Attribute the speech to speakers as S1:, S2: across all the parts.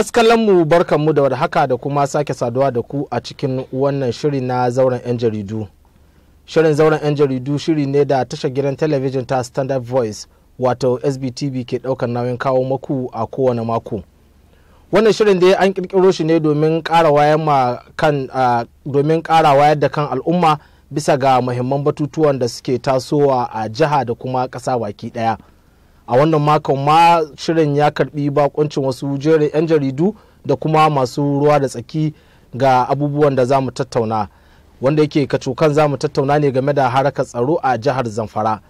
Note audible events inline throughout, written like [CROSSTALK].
S1: masu kallon mu barkanmu da haka da kuma sake saduwa da ku a cikin wannan shiri na zauren 'yan jaridu shirin zauren 'yan jaridu shiri ne da tashar gidan talabijin ta standard voice wato sbtv ke ɗaukar nauyin kawo maku a kowane mako wannan shirin dai an kirkiro shi ne domin ƙara wayar da kan al'umma bisa ga muhimman batutuwan da suke tasowa a jiha da kuma ƙasa baki ɗaya. a wannan makon ma shirin ya karbi bakoncin wasu yan jaridu da kuma masu ruwa da tsaki ga abubuwan da za mu tattauna wanda yake kacokan za mu tattauna ne game da harakar tsaro a jihar zamfara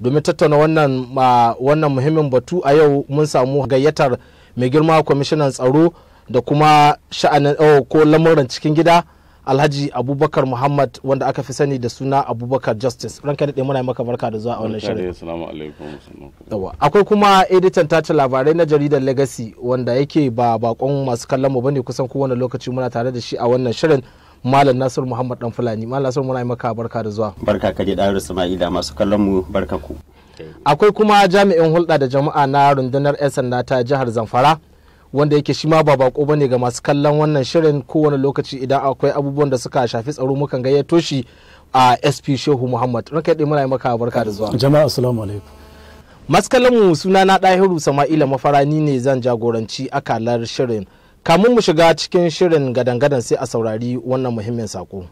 S1: domin tattauna wannan wannan muhimmin batu a yau mun samu gayyatar mai girma kwamishinan tsaro da kuma sha'anin oh, ko lamuran cikin gida alhaji abubakar muhammad wanda aka fi sani da suna abubakar justice ranka daɗe muna maka barka da zuwa a wannan shirin akwai kuma editan tace labarai na jaridar legacy wanda yake ba bakon masu kallon mu bane kusan kowane lokaci muna tare da shi a wannan shirin malam nasir muhammad dan fulani malam nasir muna maka barka da zuwa
S2: barka ka da ismaila masu kallon mu barka ku
S1: akwai kuma jami'in hulɗa da jama'a na rundunar 'yan sanda ta jihar zamfara wanda yake shi ma ba bako bane ga masu kallon wannan shirin kowane lokaci idan akwai abubuwan da suka shafi tsaro mukan gayyato shi a SP Shehu Muhammad ranka dai muna maka barka da zuwa jama'a assalamu alaikum mu suna na ɗahiru sama'ila mafarani ne zan jagoranci akalar shirin kamun mu shiga cikin shirin gadan-gadan sai a saurari wannan muhimmin sako.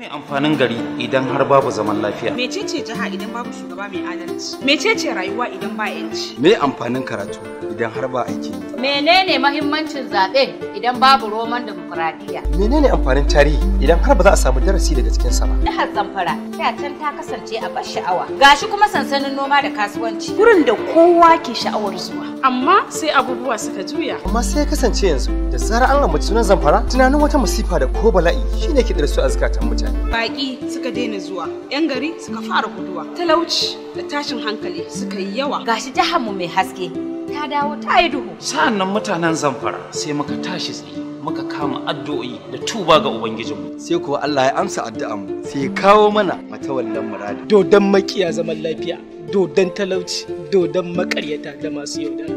S2: ne amfanin gari idan har babu zaman lafiya? Mecece jiha idan babu shugaba mai adalci? Mecece rayuwa idan ba yanci? Me amfanin karatu idan har ba aiki? Menene mahimmancin zaɓe idan babu roman demokuraɗiyya? Menene amfanin tarihi idan har ba za a samu darasi daga cikin sama?
S1: ba? Jihar Zamfara ta can ta kasance a bar sha'awa. Gashi kuma sansanin noma da kasuwanci. Gurin da kowa ke sha'awar zuwa. Amma sai abubuwa suka juya.
S2: Amma sai kasance yanzu da zarar an ambaci sunan Zamfara tunanin wata masifa da ko bala'i shine ke ɗarsu a zukatan mutane.
S1: baƙi suka daina zuwa yan gari suka fara guduwa talauci da tashin hankali suka yi yawa gashi mu mai haske ta dawo ta yi duhu
S2: sannan mutanen zamfara sai muka tashi tsaye muka kama addu'o'i da tuba ga ubangijinmu sai kuwa Allah ya amsa addu'anmu sai ya kawo mana matawallan muradi dodon makiya
S1: zaman lafiya dodon talauci dodon makaryata da masu yaudara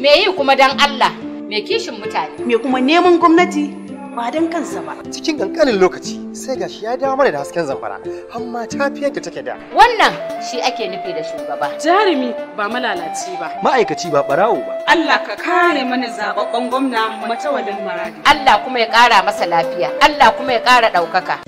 S1: me yi kuma dan Allah me kishin mutane me
S2: kuma neman gwamnati ba don kansa ba. Cikin ƙanƙanin lokaci sai gashi ya dawo mana da hasken zamfara amma ta fi yadda take da. Wannan shi ake nufi da shugaba. Jarumi ba malalaci ba.
S1: Ma'aikaci ba ɓarawo ba.
S2: Allah ka kare mana zaɓaɓɓen gwamna matawalin maradi. Allah kuma ya ƙara masa lafiya. Allah kuma ya ƙara ɗaukaka.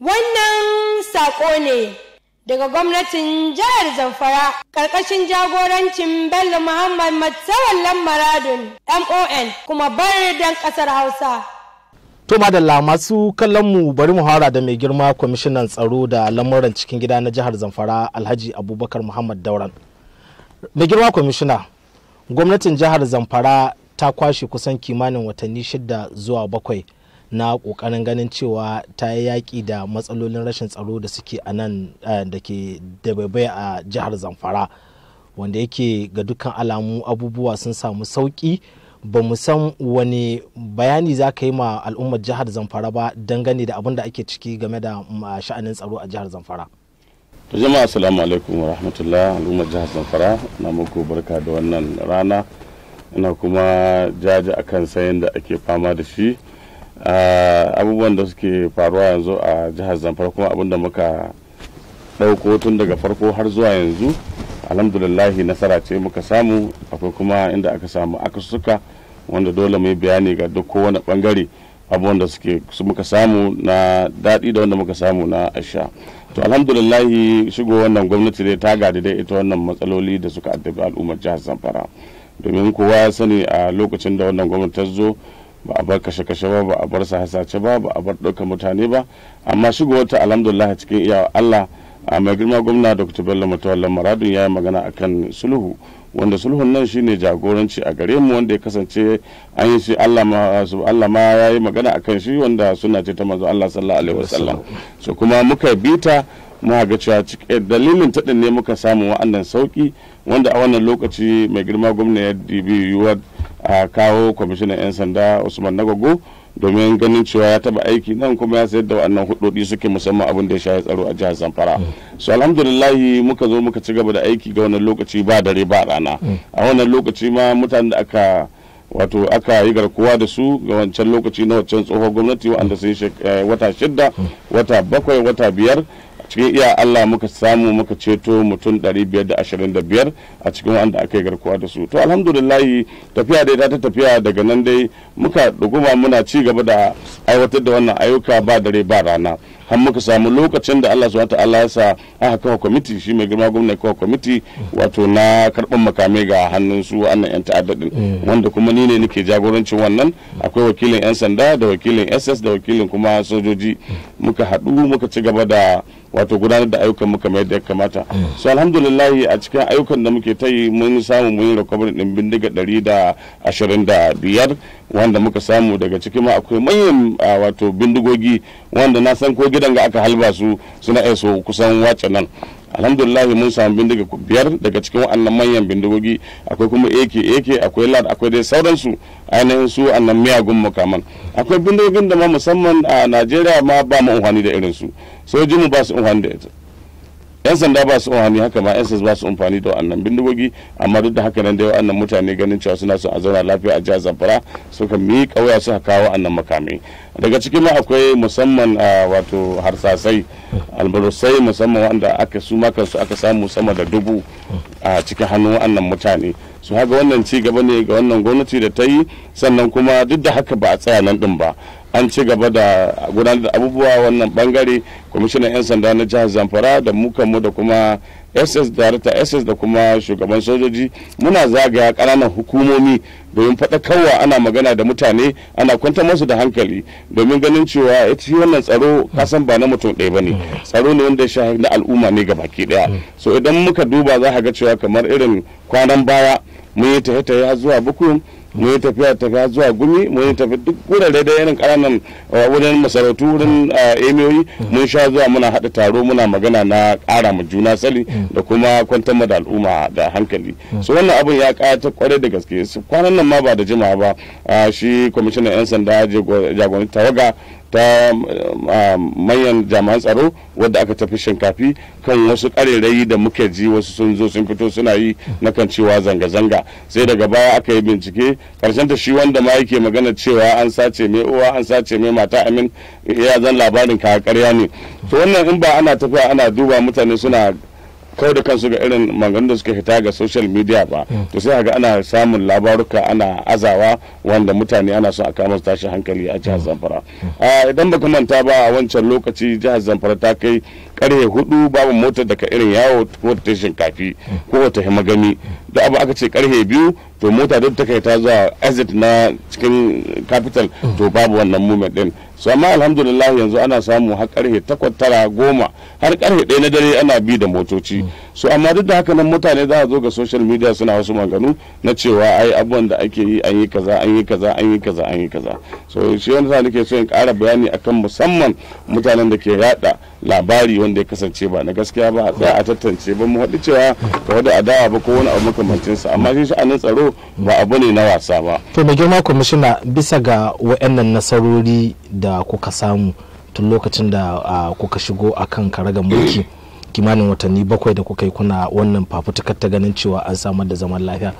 S2: Wannan saƙo ne daga gwamnatin jihar Zamfara ƙarƙashin
S1: jagorancin Bello Muhammad Matsawallan Maradun MON kuma bar dan ƙasar Hausa. To madalla masu kallon mu bari mu hara da mai girma kwamishinan tsaro da lamuran cikin gida na jihar Zamfara Alhaji Abubakar Muhammad Dauran. Mai girma kwamishina gwamnatin jihar Zamfara ta kwashe kusan kimanin watanni shida zuwa bakwai na kokarin ganin cewa ta yi yaƙi da matsalolin rashin tsaro da suke a nan da ke dabaibai a jihar zamfara wanda yake ga dukkan alamu abubuwa sun samu sauki ba mu san wani bayani za ka yi ma al'ummar jihar zamfara ba dangane da abin da ake ciki game da mm, sha'anin tsaro a jihar zamfara
S3: to jama'a assalamu alaikum wa rahmatullah al'ummar jihar zamfara na muku barka da wannan rana ina kuma jaji akan sayan da ake fama da shi Ah, abubuwan da suke faruwa yanzu a jihar zamfara kuma abin da muka ɗauko tun daga farko har zuwa yanzu alhamdulillahi nasara ce muka samu akwai kuma inda aka samu aka suka wanda dole mai bayani ga duk kowane bangare abubuwan da suke muka samu na daɗi da wanda muka samu na asha to alhamdulillahi shigo wannan gwamnati dai ta gadi dai ita wannan matsaloli da suka addabi al'ummar jihar zamfara domin kowa ya sani a lokacin da wannan gwamnati ta zo ba a bar kashe-kashe ba ba a bar hasace ba ba a bar ɗaukar mutane ba amma shigo wata alhamdulillah cikin iyawa Allah a mai girma gwamna dr bello matawallan maradun ya yi magana akan sulhu wanda sulhun nan shine jagoranci a gare mu wanda ya kasance an yi shi Allah ma ya yi magana akan shi wanda suna ce ta manzo Allah sallallahu alaihi wasallam so kuma muka bita mu ga cewa eh, dalilin taɗin ne muka samu wa'annan sauki wanda a wannan lokaci mai girma gwamna ya dibi yiwuwar a kawo kwamishinan 'yan sanda usman nagogo domin ganin cewa ya taba aiki nan kuma ya sayar da wannan hudodi suke musamman abin da ya shafi tsaro a jihar zamfara mm. so alhamdulillahi muka zo muka ci gaba da aiki ga wannan lokaci ba dare ba rana mm. a wannan lokaci ma mutanen da aka wato aka yi garkuwa da su ga wancan lokaci na wancan tsohon gwamnati wanda sun eh, wata shidda mm. wata bakwai wata biyar cikin iya Allah muka samu muka ceto mutum 525 a cikin wanda aka yi garkuwa da su to alhamdulillahi tafiya dai ta tafiya daga nan dai muka duguma muna ci gaba da aiwatar da wannan ayyuka ba dare ba rana har muka samu lokacin da Allah subhanahu ta'ala ya sa aka kawo kwamiti shi mai girma gwamnati kawo committee wato na karban makamai ga hannun su wannan yan ta'adda mm. wanda kuma ni ne nake jagorancin wannan akwai wakilin yan sanda da wakilin SS da wakilin kuma sojoji mm. muka haɗu muka ci gaba da wato gudanar da ayyukan mu kamar yadda ya kamata mm. so alhamdulillah a cikin ayyukan da muke ta yi mun samu mun yi din bindiga 125 wanda muka samu daga cikin ma akwai manyan wato bindigogi wanda na san ko gidan ga aka halba su suna iya so kusan wace nan alhamdulillah mun samu bindiga biyar daga cikin wannan manyan bindigogi akwai kuma ak ak akwai lad akwai dai sauransu ainihin su annan miyagun makaman akwai bindigogin da ma musamman a najeriya ma ba mu amfani da irinsu sojin mu ba su amfani da ita yan sanda ba su umarni haka ma yan ba su amfani da wannan bindigogi amma duk da haka nan da wannan mutane ganin cewa suna son a zauna lafiya a jihar zamfara suka mi kauya suka kawo wannan makami daga cikin ma akwai musamman wato harsasai albarusai musamman wanda aka su kansu aka samu sama da dubu a cikin hannun wannan mutane su haka wannan ci gaba ne ga wannan gwamnati da ta yi sannan kuma duk da haka ba a tsaya nan din ba an ci gaba da gudanar da abubuwa wannan bangare kwamishinan 'yan sanda na jihar zamfara da mu da kuma ss darata ss da kuma shugaban sojoji muna zagaya kananan hukumomi domin faɗakarwa ana magana da mutane ana kwanta masu da hankali domin ganin cewa ita wannan tsaro kasan ba na mutum ɗaya bane tsaro ne wanda ya na al'umma ne ga baki ɗaya so idan muka duba za ga cewa kamar irin kwanan baya mun yi tahe-tahe zuwa bukun mun yi tafiya tafiya zuwa gumi mun yi tafi duk wurare da yanin karanan eh, wurin masarautu wurin eh, emiyoyi mun sha zuwa muna haɗa taro muna magana na ƙara ma juna sali da kuma kwantar da al'umma da hankali so wannan abin ya ta kwarai da gaske kwanan nan ma ba da jimawa ba ah, shi kwamishinan 'yan sanda jagoranta tawaga ta ah, manyan jami'an tsaro wadda aka tafi shinkafi kan wasu karerai da muke ji wasu sun zo sun fito suna yi na kan cewa zanga-zanga sai daga baya aka yi bincike karshen ta shi wanda ma yake magana cewa an sace mai uwa an sace mai mata amin ya zan labarin ka karya ne to wannan in ba ana tafiya ana duba mutane suna kawai da kansu ga irin maganganun da suka fita ga social media ba hmm. to sai ga ana samun labaruka ana azawa wanda mutane ana so a kama su tashi hankali a jihar hmm. zamfara hmm. Ah, idan baka manta ba a wancan lokaci jihar zamfara ta kai karhe hudu babu motar daga irin yawo ko ta shinkafi ko ta magani da abu aka ce karhe biyu to mota duk ta kai ta zuwa exit na cikin capital to babu wannan movement din su amma alhamdulillah yanzu ana samu har karhe takwas tara goma har karhe ɗaya na dare ana bi da motoci so amma duk da haka nan mutane za a zo ga social media suna wasu maganu na cewa ai abubuwan da ake yi an yi kaza an yi kaza an yi kaza an yi kaza so shi wani sa nake so in kara bayani akan musamman mutanen da ke yada labari wanda ya kasance ba na gaskiya ba a a tantance ba mu haɗu cewa ga wani adawa ba ko wani abu makamancin sa amma shi sha'anin tsaro ba abu ne na wasa ba
S1: to mai girma kwamishina bisa ga wayannan nasarori da kuka samu tun lokacin da ah, kuka shigo akan karagar mulki kimanin watanni bakwai da kuka yi kuna wannan fafutukar ta ganin cewa an samar
S3: da zaman lafiya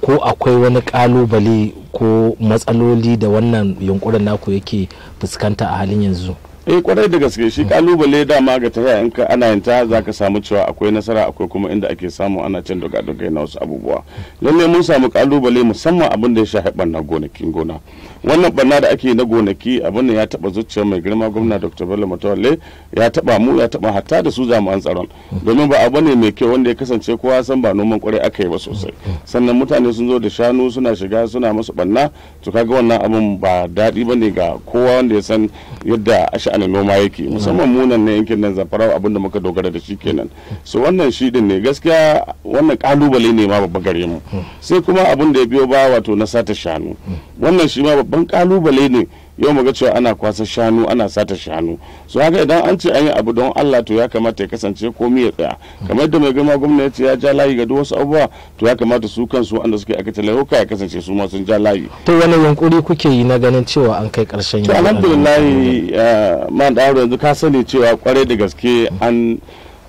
S1: ko akwai wani kalubale ko matsaloli da wannan yunkurin naku yake fuskanta a halin yanzu
S3: eh kwarai da gaske shi kalubale dama ga tafiya in ka ana yin ta zaka samu cewa akwai nasara akwai kuma inda ake samu ana cin doka doka na wasu abubuwa lalle mun samu kalubale musamman abin da ya shafi barna gonakin gona wannan barna da ake na gonaki abin ya taba zuciyar mai girma gwamna dr bello matawalle ya taba mu ya taba hatta da su jami'an tsaron domin ba abu ne mai kyau wanda ya kasance kowa san ba noman kwarai aka yi ba sosai sannan mutane sun zo da shanu suna shiga suna masu barna to kaga wannan abin ba daɗi bane ga kowa wanda ya san yadda ana noma yake mm. musamman munan ne yankin nan zamfara abin da muka dogara da shi kenan so wannan shi din ne gaskiya wannan kalubale ne ma babba gare mu mm. sai kuma abin da ya biyo ba wato na sata shanu mm. wannan shi ma babban kalubale ne yau mu ga cewa ana kwasa shanu ana sata shanu so haka idan an ce an yi abu don Allah to ya kamata ya kasance komai ya tsaya kamar da mai girma gwamnati ya ja layi ga duk wasu abubuwa to ya kamata su kansu wanda suke aka talauka ya kasance su ma sun ja layi
S1: to wani yunkuri kuke yi na ganin cewa an kai karshen yau alhamdulillah
S3: eh, man da yanzu ka sani cewa kwarai da gaske an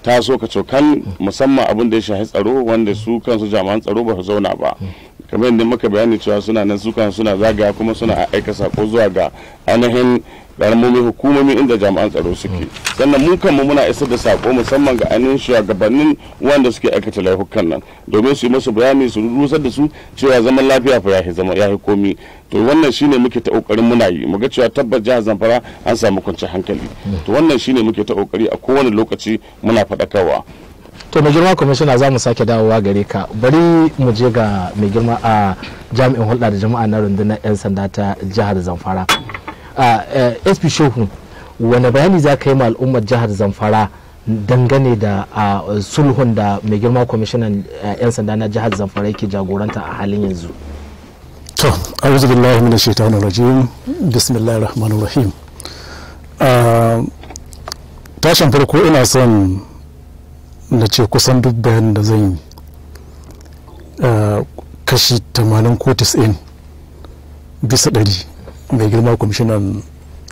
S3: taso ka cokan musamman abin da ya shahi tsaro wanda su kansu jami'an tsaro ba su zauna ba kamar yadda muka bayani cewa suna nan sukan suna zagaya kuma suna aika sako zuwa ga ainihin karamomin hukumomi inda jami'an tsaro suke mm. sannan mu kanmu muna isar da sako musamman ga ainihin shugabannin wanda suke aikata laifukan nan domin su yi musu bayani su rusar da su cewa zaman lafiya fa yahi zama komi to wannan shine muke ta kokarin muna yi muga cewa tabbas jihar Zamfara an samu kwanciyar hankali mm. to wannan shine muke ta kokari a kowane lokaci muna faɗakarwa
S1: to mai girma kwamishina za mu sake dawowa gare ka bari mu je ga mai girma a jami'in hulɗa da jama'a na rundunar 'yan sanda ta jihar zamfara sp shehu wani bayani za ka yi ma al'ummar jihar zamfara dangane da sulhun da mai girma kwamishinan 'yan sanda na jihar zamfara yake jagoranta a halin yanzu
S4: to billahi min rajim bismillahir rahmanir tashin farko ina son na ce kusan duk bayan da zan yi eh, kashi tamanin ko 90 bisa ɗari mai girma kwamishinan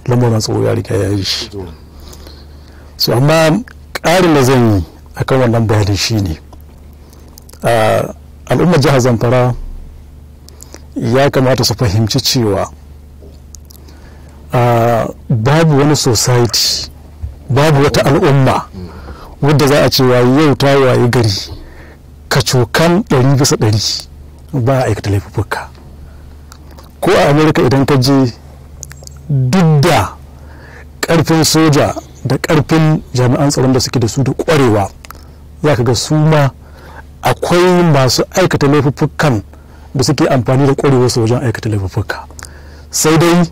S4: lamuran tsoro ya riga ya yi shi so amma ƙarin da zan yi akan wannan bayanin shi ne eh, al'ummar jihar zamfara ya kamata su fahimci cewa eh, babu wani society babu wata al'umma wadda za a ce yau ta waye gari ka cokan ɗari bisa ɗari ba a aikata laifuka ko a amurka idan ka je duk da ƙarfin soja da ƙarfin jami'an tsaron da suke da su da ƙwarewa za ka ga su ma akwai masu aikata laifukan da suke amfani da ƙwarewar su wajen aikata laifuka sai dai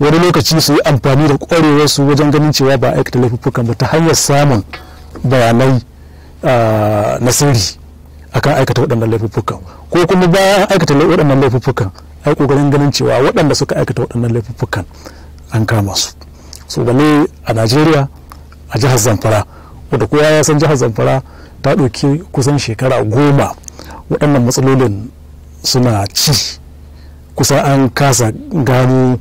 S4: wani lokaci su yi amfani da ƙwarewar su wajen ganin cewa ba aikata laifukan ba ta hanyar samun bayanai ah, na sirri akan aikata waɗannan laifuffukan ko kuma bayan aikata waɗannan laifuffukan ai kokarin ganin cewa waɗanda suka aikata waɗannan laifuffukan an kama su so ne a najeriya a jihar zamfara wadda kowa ya san jihar zamfara ta ɗauki kusan shekara goma waɗannan matsalolin suna ci kusan an kasa gano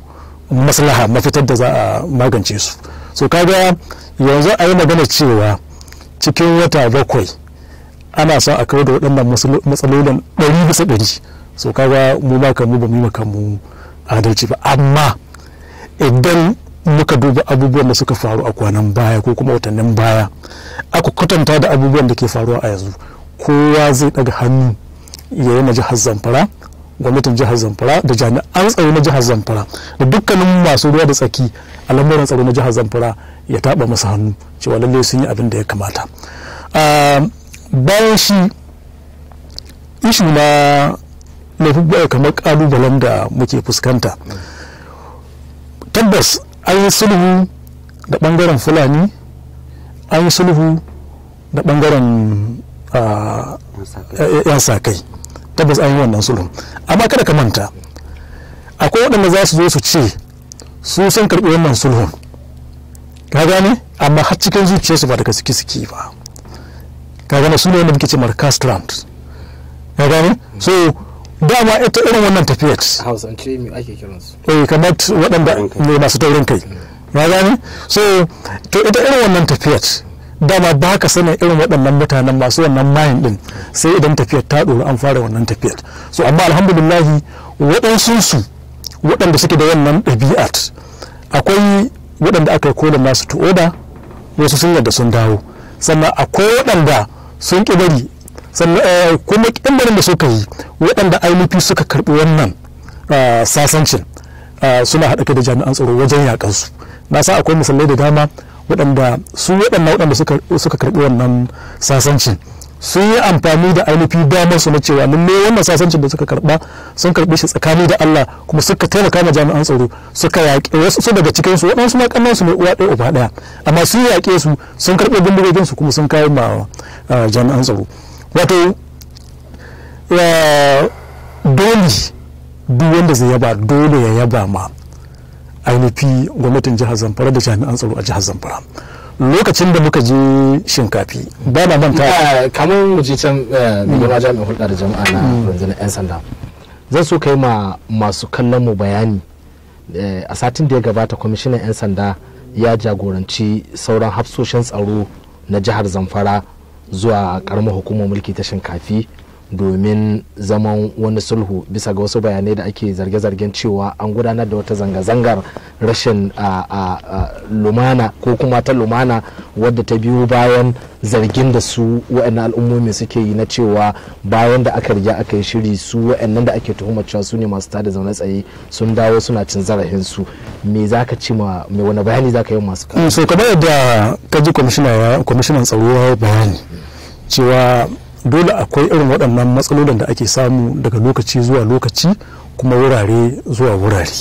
S4: maslaha mafitar da za a magance su so kaga yanzu a yi magana cewa cikin wata bakwai ana son a kawar da waɗannan matsalolin ɗari bisa ɗari so kaga mu ba kanmu ba mu yi kanmu adalci ba amma idan muka duba abubuwan da suka faru a kwanan baya ko kuma watannin baya aka kwatanta da abubuwan da ke faruwa a yanzu kowa zai ɗaga hannu ya yi maji har zamfara gwamnatin jihar zamfara da jami'an tsaro na jihar zamfara da dukkanin masu ruwa da tsaki a lamuran tsaro na jihar zamfara ya taɓa masa hannu cewa lallai sun yi abin da ya kamata bayan shi ishu na laifin eh, kamar kalubalen da muke fuskanta tabbas an yi sulhu da bangaren fulani an yi sulhu da bangaren ah, yan kai eh, eh, tabbas an yi wannan sulhun amma kada ka manta akwai waɗanda za su zo su ce su sun karɓi wannan sulhun ka gane amma har cikin su ba daga suke suke ba ka gane su ne wanda muke ce markas trump ka gane so dama ita irin wannan tafiyar
S1: hausance mai ake kiransu
S4: eh kamar waɗanda ne masu taurin kai ka gane so to ita irin wannan tafiyar dama ba ka sanin irin waɗannan mutanen masu wannan mayin ɗin sai idan tafiyar ta ɗora an fara wannan tafiyar so amma alhamdulillahi su waɗanda suke da wannan ɗabi'at akwai waɗanda aka yi kolin nasu to oda wasu sun yadda sun dawo sannan akwai waɗanda sun ƙi bari sannan eh, kuma ƙin da suka yi waɗanda ainihi suka karɓi wannan ah, sasancin ah, suna haɗa da jami'an tsaro wajen yaƙansu na sa akwai misalai da dama waɗanda su waɗanda waɗanda suka karɓi wannan sasancin sun yi amfani da ainihi damar su na cewa lalle wannan sasancin da suka karba sun karbi shi tsakani da Allah kuma suka taimaka ma jami'an tsaro suka yaƙe wasu su daga cikin su waɗansu ma kannan su ne uwa ɗaya uba ɗaya amma sun yaƙe su sun karɓi bindigogin su kuma sun kai ma jami'an tsaro wato dole duk wanda zai yaba dole ya yaba ma ainihi gwamnatin jihar zamfara da jami'an tsaro a jihar zamfara lokacin da muka
S1: je shinkafi ba na manta ah, kamar mu je can gaba eh, jami'in hulɗa da jama'a na mm. rundunar 'yan sanda zan so kai ma masu kallon mu bayani eh, a satin da ya gabata kwamishinan 'yan sanda ya jagoranci sauran hafsoshin tsaro na jihar zamfara zuwa karamar hukumar mulki ta shinkafi domin zaman wani sulhu bisa ga wasu bayanai da ake zarge-zargen cewa an gudanar da wata zanga-zangar rashin lumana ko kuma ta lumana wadda ta biyo bayan zargin da su wa'annan al'ummomi suke yi na cewa bayan da aka riga aka yi shiri su wa'annan da ake tuhumar cewa su ne masu tada zaune tsaye sun dawo suna cin zarafin su me za ka ci ma me wani bayani za ka yi masu
S4: so kamar yadda ka ji kwamishinan tsaro bayani cewa dole akwai irin waɗannan matsalolin da ake samu daga lokaci zuwa lokaci kuma wurare zuwa wurare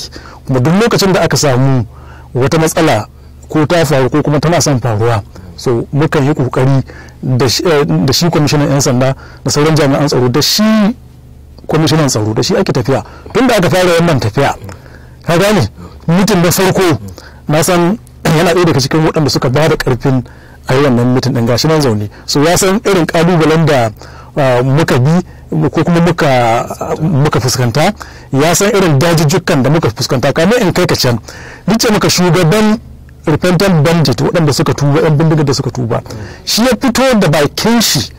S4: kuma duk lokacin da aka samu wata matsala ko ta faru ko kuma tana son faruwa so mukan yi kokari eh, da shi kwamishinan 'yan sanda da sauran jami'an tsaro da shi kwamishinan tsaro da shi ake tafiya tun da aka fara wannan tafiya ka gane mutum na farko na san [CLEARS THROAT] yana ɗaya daga cikin waɗanda suka ba da ƙarfin a yi wannan mitin ɗin gashi nan zaune so ya san irin ƙalubalen da ah, muka bi ko kuma muka fuskanta ya san irin dajijjukan da muka fuskanta kamar in kai ka can duk ce muka shugaban repentant bandit waɗanda suka tuba yan bindigar da suka tuba shi ya fito da bakin shi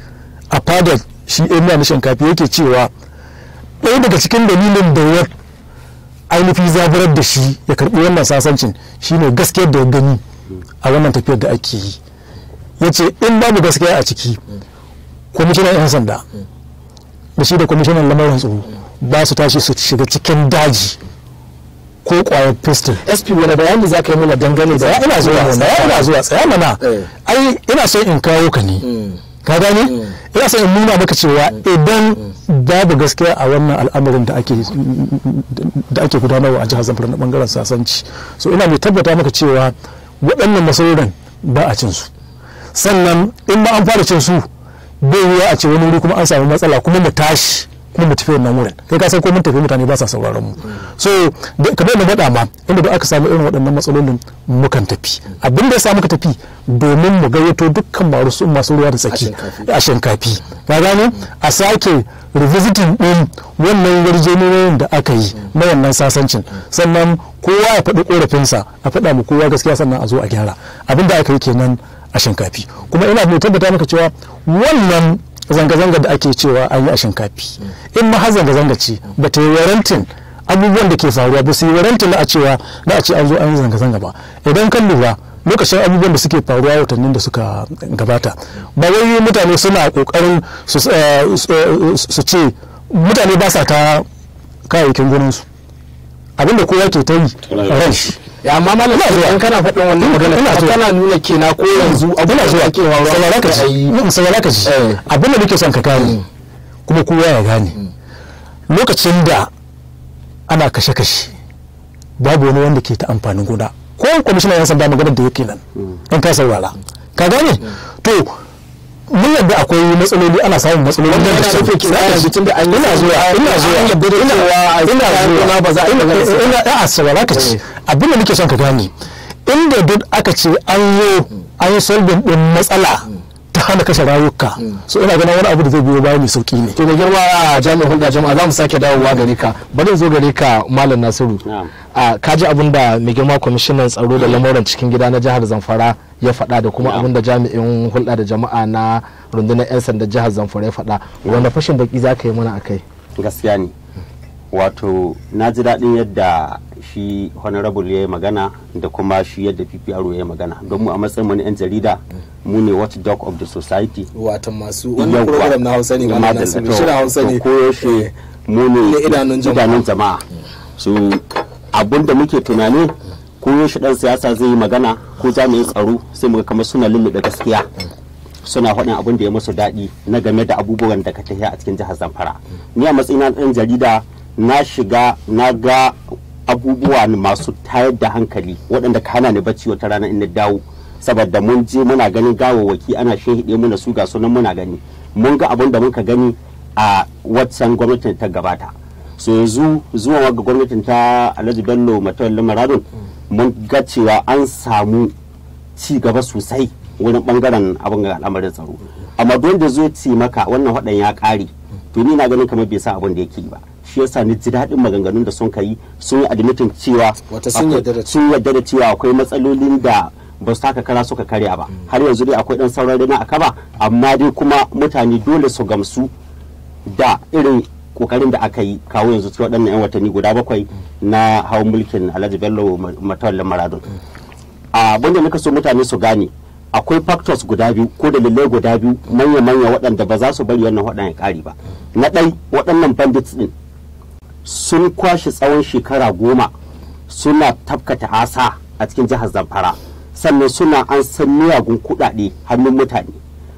S4: a fadar shi emir na shinkafi yake cewa ɗaya daga cikin dalilin da ya ainihin zaburar da shi ya karɓi wannan sasancin shi ne gaskiyar da ya gani a wannan tafiyar da ake yi ya ce in babu gaskiya a ciki kwamishinan 'yan sanda da shi da kwamishinan lamarin tsoro ba su tashi su shiga cikin daji ko kwayar pistol sp wani bayani za ka yi mana dangane da ina ina zuwa tsaya mana eh. ai ina so in kawo ka ne
S1: mm. ka gani mm.
S4: ina so in nuna maka cewa mm. idan babu gaskiya a wannan al'amarin da ake da ake gudanarwa a jihar zamfara na bangaren sasanci so ina mai tabbata maka cewa waɗannan masarorin ba a cin su sannan in ba an fara cin su bai wuya a ce wani wuri kuma an samu matsala kuma mu tashi kuma mu tafi wannan wurin kai ka san ko mun tafi mutane ba sa sauraron mu so kamar na faɗa ma inda duk aka samu irin waɗannan matsalolin mukan tafi abin da ya sa muka tafi domin mu gayyato dukkan masu masu ruwa da tsaki a shinkafi ka gane a sake revisiting din wannan yarjejeniyoyin da aka yi na wannan sasancin sannan kowa ya faɗi korafinsa a faɗa mu kowa gaskiya sannan a zo a gyara abin da aka yi kenan a shinkafi kuma ina mai tabbata maka cewa wannan zanga-zanga da ake cewa an yi a shinkafi in ma har zanga-zanga ce ba ta yi warantin abubuwan da ke faruwa ba su yi warantin na a cewa na a ce an zo an yi zanga-zanga ba idan kan lura lokacin abubuwan da suke faruwa watannin da suka gabata ba wai mutane suna kokarin eh, su ce mutane ba sa ta kayayyakin gonan su abinda kowa ke ta yi ran ya amma malam in kana faɗin wannan magana ina kana nuna kena ko yanzu abu na zuwa kewa saurara ka ji sai ka ji eh. abin da nake son ka gane mm. kuma kowa ya gane mm. lokacin da ana kashe-kashe babu wani wanda ke ta amfanin gona ko kwamishinan yan sanda magana da yake nan mm. in ka saurara ka gane to mun yadda akwai matsaloli ana samun matsaloli da ta an yi ina zuwa ina zuwa ina ina zuwa ba za a yi magana ina ka ce abin da nake son ka inda duk aka ce an yi an yi solving din matsala ta hana kashe rayuka so ina ganin wani abu da zai biyo bayan mai sauki ne to da girma jami'in hulɗa jama'a za mu sake dawowa gare ka
S1: bari zo gare ka malam nasiru a kaji abin da mai girma kwamishinan tsaro da lamuran cikin gida na jihar zamfara ya faɗa da kuma abin da jami'in hulɗa da jama'a na rundunar 'yan sanda jihar zamfara ya faɗa wanda fashin baki za ka yi mana akai
S2: gaskiya ne wato na ji daɗin yadda shi honorable ya yi magana da kuma shi yadda ppr ya yi magana don mu a matsayin mu na 'yan jarida mu ne watchdog of the society
S1: wato masu wannan program na hausa ne ma na shirin hausa ne ko
S2: yaushe mu ne idanun jama'a su abun da muke tunani ko yaushe dan siyasa zai yi magana ko jami'in tsaro sai muka kamar suna lulluɗe gaskiya suna faɗin abin da ya musu daɗi na game da abubuwan da ka tafiya a cikin jihar zamfara ni a matsayina ɗan jarida na shiga na ga abubuwa masu tayar da hankali waɗanda ka hana ni bacci wata rana in na dawo saboda mun je muna ganin gawawwaki ana shehiɗe muna su ga sunan muna gani mun ga abin da muka gani a waccan gwamnatin ta gabata sai yanzu zuwa ga gwamnatin ta alhaji bello matawar mun ga cewa an samu ci gaba sosai wurin bangaren abin ga al'amarin tsaro amma don da zo ce maka wannan hadan ya kare to ni na ganin kamar bai sa abin da yake ba shi yasa ni ji daɗin maganganun da sun kai sun yi admitin cewa sun yarda da cewa akwai matsalolin da ba su taka kara suka karya ba har yanzu dai akwai dan sauran rina a kaba amma dai kuma mutane dole su gamsu da irin kokarin da aka yi kawo yanzu cikin waɗannan 'yan watanni guda bakwai na hawan mulkin alhaji bello matawallin maradun a nika so mutane su gane akwai factors guda biyu ko dalilai guda biyu manya-manya waɗanda ba za su bari wannan ya ƙari ba na ɗai waɗannan bandits ɗin sun kwashe tsawon shekara goma suna tafkata asa a cikin jihar zamfara sannan suna an san miyagun kuɗaɗe hannun mutane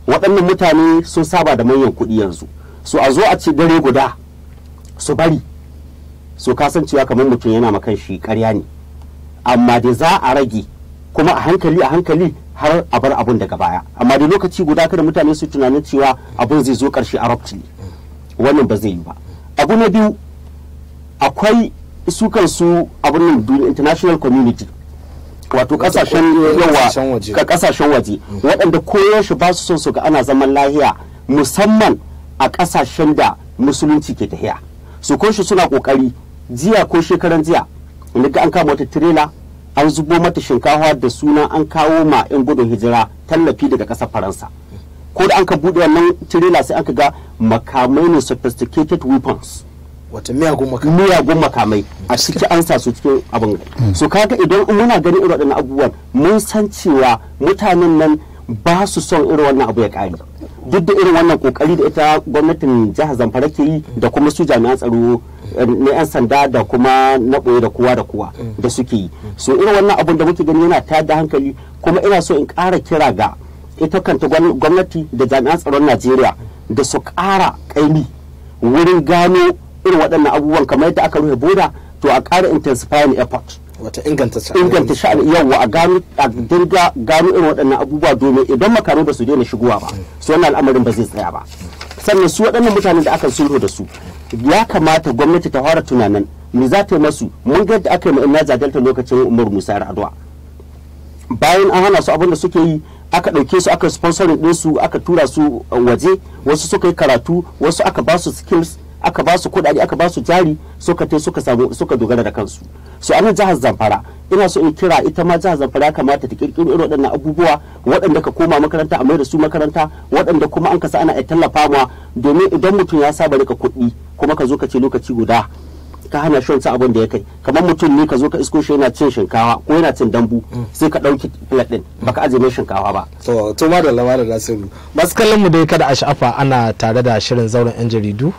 S2: waɗannan mutane sun saba da manyan kuɗi yanzu su a zo a ci dare guda su bari su kasancewa kamar mutum yana makan shi karya ne amma da za a rage kuma a hankali a hankali har a bar abun daga baya amma da lokaci guda kada mutane su tunanin cewa abun zai zo karshe abruptly wannan ba zai yi ba abu na biyu akwai su kansu abun nan international community wato kasashen yawa ka kasashen waje mm. waɗanda koyaushe ba su son su ga ana zaman lahiya musamman a kasashen da musulunci ke tahiya su koshi suna kokari jiya ko shekaran jiya inda ka an kama wata tirela an zubo mata shinkafa da suna an kawo ma 'yan gudun hijira tallafi daga ƙasar faransa ko da an ka buɗe wannan tirela sai aka ga makamai ne sophisticated weapons wata miyagun makamai miyagun makamai a ciki an sa su cikin abin hmm. so kaga idan muna ganin irin waɗannan abubuwan mun san cewa mutanen nan ba su son irin wannan abu ya kare. duk da irin wannan kokari da ita gwamnatin jihar zamfara ke yi da kuma su jami'an tsaro eh, na 'yan sanda da kuma na ɓoye da kowa da kowa da suke yi so irin wannan abun da muke gani yana tayar da hankali kuma ina so in kara kira ga ita kanta gwamnati da jami'an tsaron najeriya da su ƙara ƙaimi wurin gano irin waɗannan abubuwan kamar yadda aka rufe boda to a ƙara intensifying effort wata inganta inganta sha'ani yawa a gano a dinga gano irin waɗannan abubuwa domin idan makaro ba su daina shigowa ba su wannan al'amarin ba zai tsaya ba sannan su waɗannan mutanen da aka sulhu da su ya kamata gwamnati ta fara tunanin me za ta yi masu mun ga yadda aka yi ma'ina zagalta lokacin umar musa raduwa bayan an hana su abin da suke yi aka ɗauke su aka sponsorin ɗinsu aka tura su waje wasu suka yi karatu wasu aka ba su skills aka ba su kuɗaɗe aka ba su jari suka tai suka samu suka dogara da kansu Su a nan jihar zamfara ina so in kira ita ma jihar zamfara kamata ta kirkiro irin waɗannan abubuwa waɗanda ka koma makaranta a mai da su makaranta waɗanda kuma an kasa ana tallafa ma domin idan mutum ya saba rika kuɗi kuma ka zo ka ce lokaci guda ka hana shan ta abin da ya kai kamar mutum ne ka zo ka isko shi yana cin shinkawa ko yana cin dambu sai ka ɗauki plate ɗin baka aje mai shinkawa ba. to to ma da nasiru
S1: masu kallon mu dai kada a sha'afa ana tare da shirin zauren yan jaridu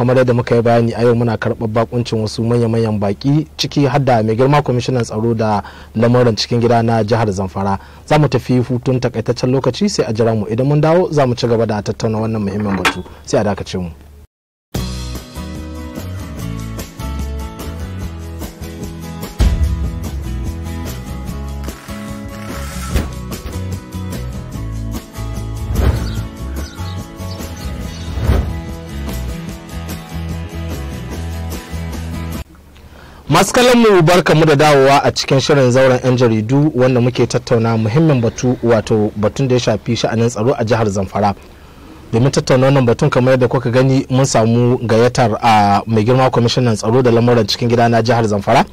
S1: kamar yadda muka yi bayani a yau muna karɓar bakuncin wasu manya-manyan baƙi ciki har da mai girma kwamishinan tsaro da lamuran cikin gida na jihar zamfara za mu tafi hutun takaitaccen lokaci sai a jira mu idan mun dawo za mu ci gaba da tattauna wannan muhimmin batu sai a dakace mu. mu barka mu da dawowa a cikin shirin zauren 'yan jaridu wanda muke tattauna muhimmin batu wato batun da ya shafi sha'anin tsaro a jihar zamfara domin tattauna wannan batun kamar yadda kuka gani mun samu gayyatar a ah, mai girma kwamishinan tsaro da lamuran cikin gida na jihar zamfara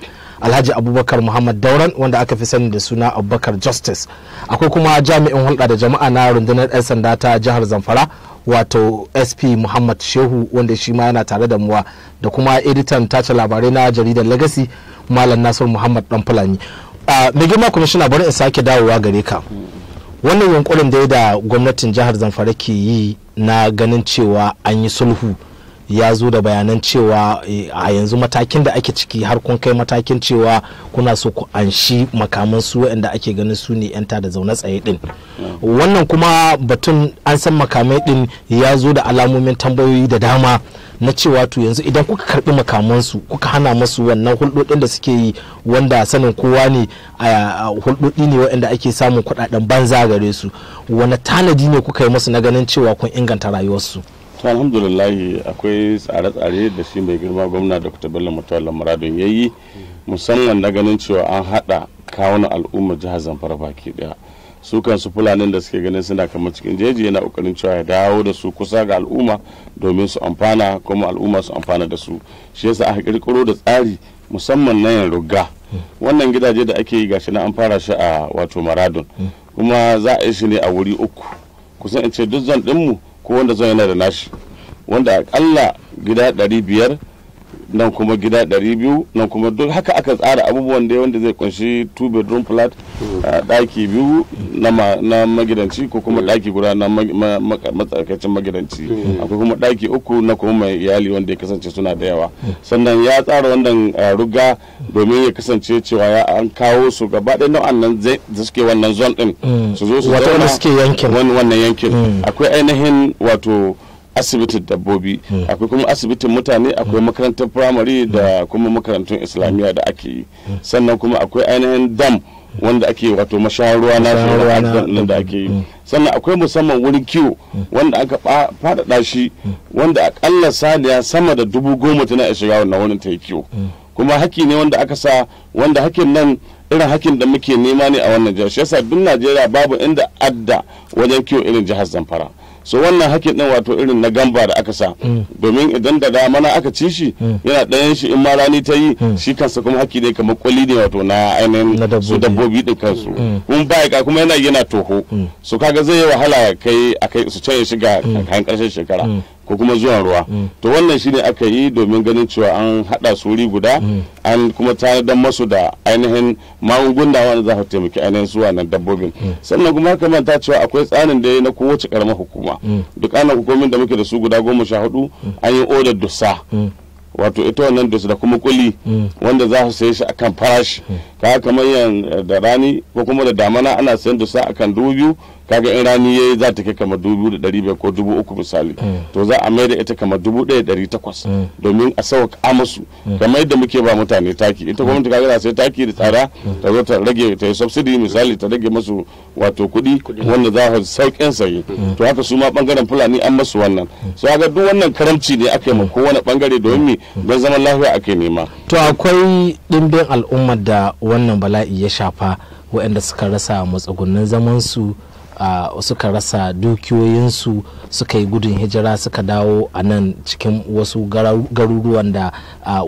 S1: alhaji abubakar muhammad dauran wanda aka fi sani da suna abubakar justice akwai kuma jami'in hulɗa da jama'a na rundunar 'yan sanda ta jihar zamfara wato sp muhammad shehu wanda shi ma yana tare da muwa da kuma editan tace labarai na jaridar legacy malam nasiru muhammad dan fulani mai girma kwamishina bari in sake dawowa gare ka wannan yunkurin da ya da gwamnatin jihar zamfara ke yi na ganin cewa an yi sulhu ya zo da bayanan cewa eh, a yanzu matakin da ake ciki har kun kai matakin cewa kuna so ku anshi makaman su waɗanda ake ganin su ne 'yan da zaune tsaye ɗin wannan kuma batun an san makamai ɗin ya zo da alamomin tambayoyi da dama na cewa to yanzu idan kuka karbi makamansu kuka hana masu wannan hulɗoɗin da suke yi wanda sanin kowa ne a hulɗoɗi ne waɗanda ake samun kuɗaɗen banza gare su wani tanadi ne kuka yi masu na ganin cewa kun inganta rayuwarsu
S3: to alhamdulillahi akwai tsare-tsare da shi mai girma gwamna da kuta bello mutuwar muradun ya yi musamman na ganin cewa an haɗa kawunan al'umma jihar zamfara baki daya su kansu fulanin da suke ganin suna kamar cikin jeji yana kokarin cewa ya dawo da su kusa ga al'umma domin su amfana kuma al'umma su amfana da su shi yasa aka kirkiro da tsari musamman na yin wannan gidaje da ake yi gashi na an fara shi a wato maradon kuma za a yi shi ne a wuri uku kusan in ce duk zan dinmu ko wanda zan yana da nashi wanda akalla gida biyar. nan kuma gida 200 nan kuma duk haka aka tsara abubuwan da wanda zai kunshi two bedroom flat daki biyu na magidanci ko kuma daki guda na matsakaicin magidanci akwai kuma daki uku na kuma mai iyali wanda ya kasance suna da yawa sannan ya tsara wannan ruga domin ya kasance cewa ya an kawo su gaba ɗaya nau'an nan da suke wannan zon din mm. su zo su zauna wannan yankin mm. akwai ainihin wato asibitin dabbobi hmm. akwai kuma asibitin mutane akwai hmm. makarantar firamare hmm. da kuma makarantun islamiyya da ake yi sannan kuma akwai ainihin dam wanda ake wato mashayar ruwa na da ake yi sannan akwai musamman wurin kiwo wanda aka faɗaɗa shi wanda akalla saniya sama da dubu goma tana shiga wannan wurin ta yi kiwo kuma haki ne wanda aka sa wanda hakin nan irin hakin da muke nema ne a wannan jihar shi yasa duk najeriya babu inda adda wajen kiwo irin jihar zamfara so wannan hakin din wato irin na gamba da aka sa mm. domin idan da damana aka ci shi mm. yana ɗayan shi in ma rani ta yi mm. shi kansa kuma haki ne kamar kwali ne wato na ainihin su dabbobi din kansu kuma ba ka kuma yana yana toho so kaga zai yi wahala kai kai su can ya shiga kan karshen shekara ko kuma zuwa ruwa mm. to wannan shine aka yi domin ganin cewa an hada su wuri guda mm. an kuma tanadar masu da ainihin magunguna wanda za su taimaki ainihin zuwa nan dabbobin mm. sannan kuma haka ta cewa akwai tsarin da ya na kowace karamar hukuma duk ana hukumomin da muke da su guda goma sha hudu an yi odar dusa wato ita wannan dusa da kuma kuli wanda za su saye shi akan farashi ka kamar yin eh, da rani ko kuma da damana ana sayan dusa akan dubu biyu kaga in rani yayi za ta kai kamar dubu da ɗari biyar ko dubu uku misali eh. to za a maida ita kamar dubu ɗaya ɗari takwas eh. domin a ka musu kamar yadda muke ba mutane taki ita gwamnati kaga sai taki da tsada ta zo ta rage ta yi subsidy misali ta rage masu wato kuɗi wanda za a sauƙin sayi to haka su ma ɓangaren fulani an masu wannan so ga duk wannan karamci ne aka yi ma kowane ɓangare domin me don zaman lafiya ake nema
S1: to akwai ɗimbin al'ummar da wannan bala'i ya shafa waɗanda suka rasa matsugunan zamansu suka rasa dukiyoyinsu suka yi gudun hijira suka dawo a nan cikin wasu garuruwan da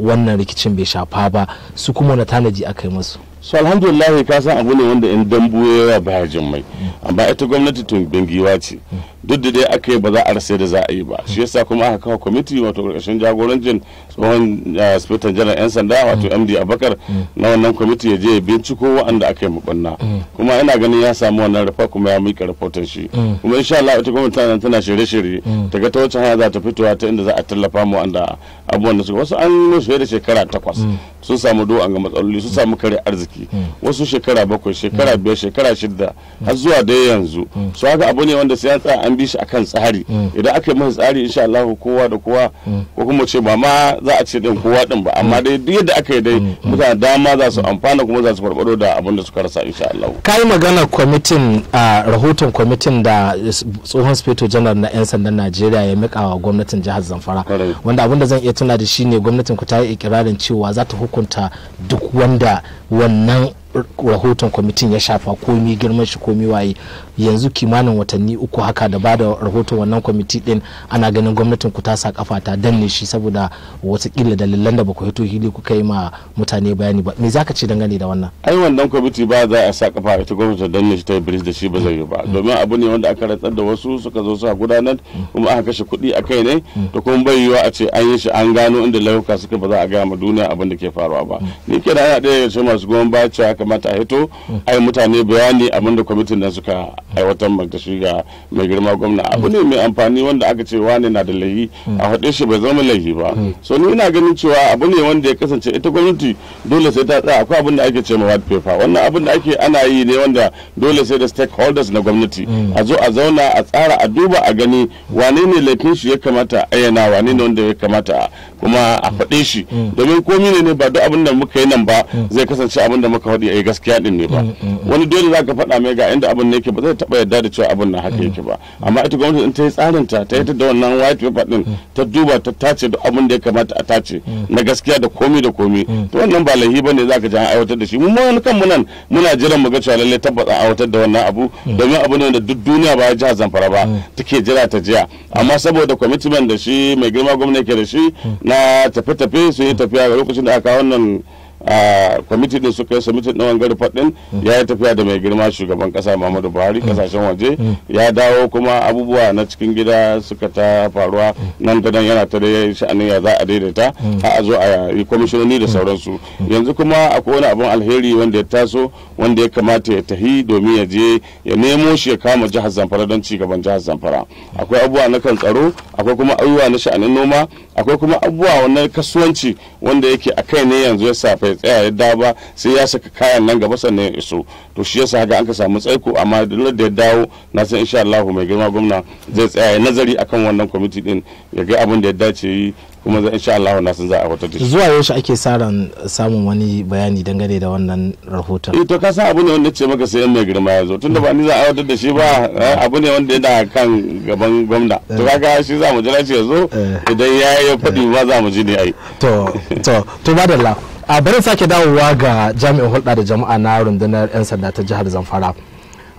S1: wannan rikicin bai shafa ba su kuma na tanaji aka yi masu
S3: so alhamdulillah ka san abu ne wanda in dambu ya yawa baya jin mai amma ita gwamnati tun giwa ce duk da dai aka yi ba za a rasa da za a yi ba shi yasa kuma aka kawo kwamiti wato karkashin jagorancin tsohon spitan janar yan sanda wato md abakar na wannan kwamiti ya je ya binciko wa'anda aka yi mabanna kuma ina ganin ya samu wannan rafa kuma ya mika rahoton shi kuma insha Allah ita gwamnati tana tana shirye-shirye ta ga ta wacce hanya za ta fitowa ta inda za a tallafa mu wanda abubuwan da su wasu an musu da shekara takwas sun samu do ga matsaloli sun samu kare arziki ciki wasu shekara bakwai shekara mm. biyar shekara shidda har zuwa dai yanzu mm. su haka abu ne wanda sai tsaya an bi shi akan tsari mm. idan aka yi masa tsari insha Allah kowa da kowa ko kuma ce ba ma za a ce din kowa din ba amma dai duk yadda aka yi dai mutane dama za su amfana kuma za su farfado da abin da suka rasa insha Allah
S1: kai magana kwamitin a rahoton kwamitin da tsohon speto janar na yan sandan Najeriya ya mika wa gwamnatin jihar Zamfara wanda abin da zan iya tuna da shine gwamnatin ku ta yi ikirarin cewa za ta hukunta duk wanda wannan No. rahoton kwamitin ya shafa komi girman shi komi waye yanzu kimanin watanni uku haka da ba da rahoton wannan kwamiti din ana ganin gwamnatin ku ta sa kafa ta danne shi saboda watakila dalilan da baku hito hili kuka yi ma mutane bayani ba me zaka ce dangane da wannan
S3: ai wannan kwamiti ba za a sa kafa ita gwamnati ta danne shi ta yi da shi ba zai yi ba mm. domin abu ne wanda aka rantsar da wasu suka zo suka gudanar mm. kuma aka kashe kuɗi a kai ne mm. to kuma bai yiwa a ce an yi shi an gano inda lauka suka ba za a gaya ma duniya abin da ke faruwa ba ni ke da ya ce masu goyon baya kamata a hito a yi mutane bayani abin da kwamitin nan suka aiwatar magdashi ga mai girma gwamna abu ne mai amfani wanda aka ce ne na da laifi a haɗe shi bai zama laifi ba so ni ina ganin cewa abu ne wanda ya kasance ita gwamnati dole sai ta tsaya akwai abin da ake ce ma white paper wannan abin da ake ana yi ne wanda dole sai da stakeholders na gwamnati a zo a zauna a tsara a duba a gani wane ne laifin shi ya kamata a yana wane ne wanda ya kamata kuma a faɗe shi domin komi ne ba duk abin da muka yi nan ba zai kasance abin da muka faɗi yi eh, gaskiya din ne ba mm, mm, mm. wani dole za ka faɗa mai ga inda abin ne yake ba zai taɓa yarda da cewa abin na haka yake ba amma ita gwamnati in ta yi tsarin ta ta yi ta da wannan white paper din ta duba ta tace da abin da ya kamata a tace na gaskiya da komi da komi to wannan ba lahi ne za ka ji an aiwatar da shi mu wani kan nan muna jiran mu ga cewa lalle tabbata aiwatar da wannan abu domin abu ne da duk duniya ba ya ji zamfara ba take jira ta jiya amma saboda commitment da shi mai girma gwamnati ke da shi na tafe-tafe sun yi tafiya lokacin da aka wannan a kwamiti din suka yi samitin na wangar faɗin ya yi tafiya da mai girma shugaban ƙasa muhammadu buhari ƙasashen waje ya dawo kuma abubuwa na cikin gida suka ta faruwa nan da nan yana ta da sha'anin ya za a daidaita a zo a yi kwamishinoni da sauransu yanzu kuma akwai wani abin alheri wanda ya taso wanda ya kamata ya tahi domin ya je ya nemo shi ya kama jihar zamfara don ci gaban jihar zamfara akwai abubuwa na kan tsaro akwai kuma abubuwa na sha'anin noma akwai kuma abubuwa na kasuwanci wanda yake a kai ne yanzu ya safe tsaya yadda ba sai ya saka kayan nan gaba sannan ya iso to shi yasa haka an ka samu tsaiko amma duk da ya dawo na san insha Allah mai girma gwamna zai tsaya nazari akan wannan committee din ya ga abin da ya dace yi kuma zan insha Allah na san za a wata zuwa
S1: yaushe ake saran samun wani bayani dangane da wannan rahoton
S3: eh to ka san abu ne wanda ce maka sai mai girma ya zo tunda ba ni za a aiwatar da shi ba eh, abu ne wanda yana kan gaban gwamna to kaga shi za mu jira shi ya zo eh. idan ya yi faɗi ba za mu ji ne ai
S1: to to to madalla a bari sake dawowa ga jami'in hulɗa da jama'a na rundunar 'yan sanda ta jihar zamfara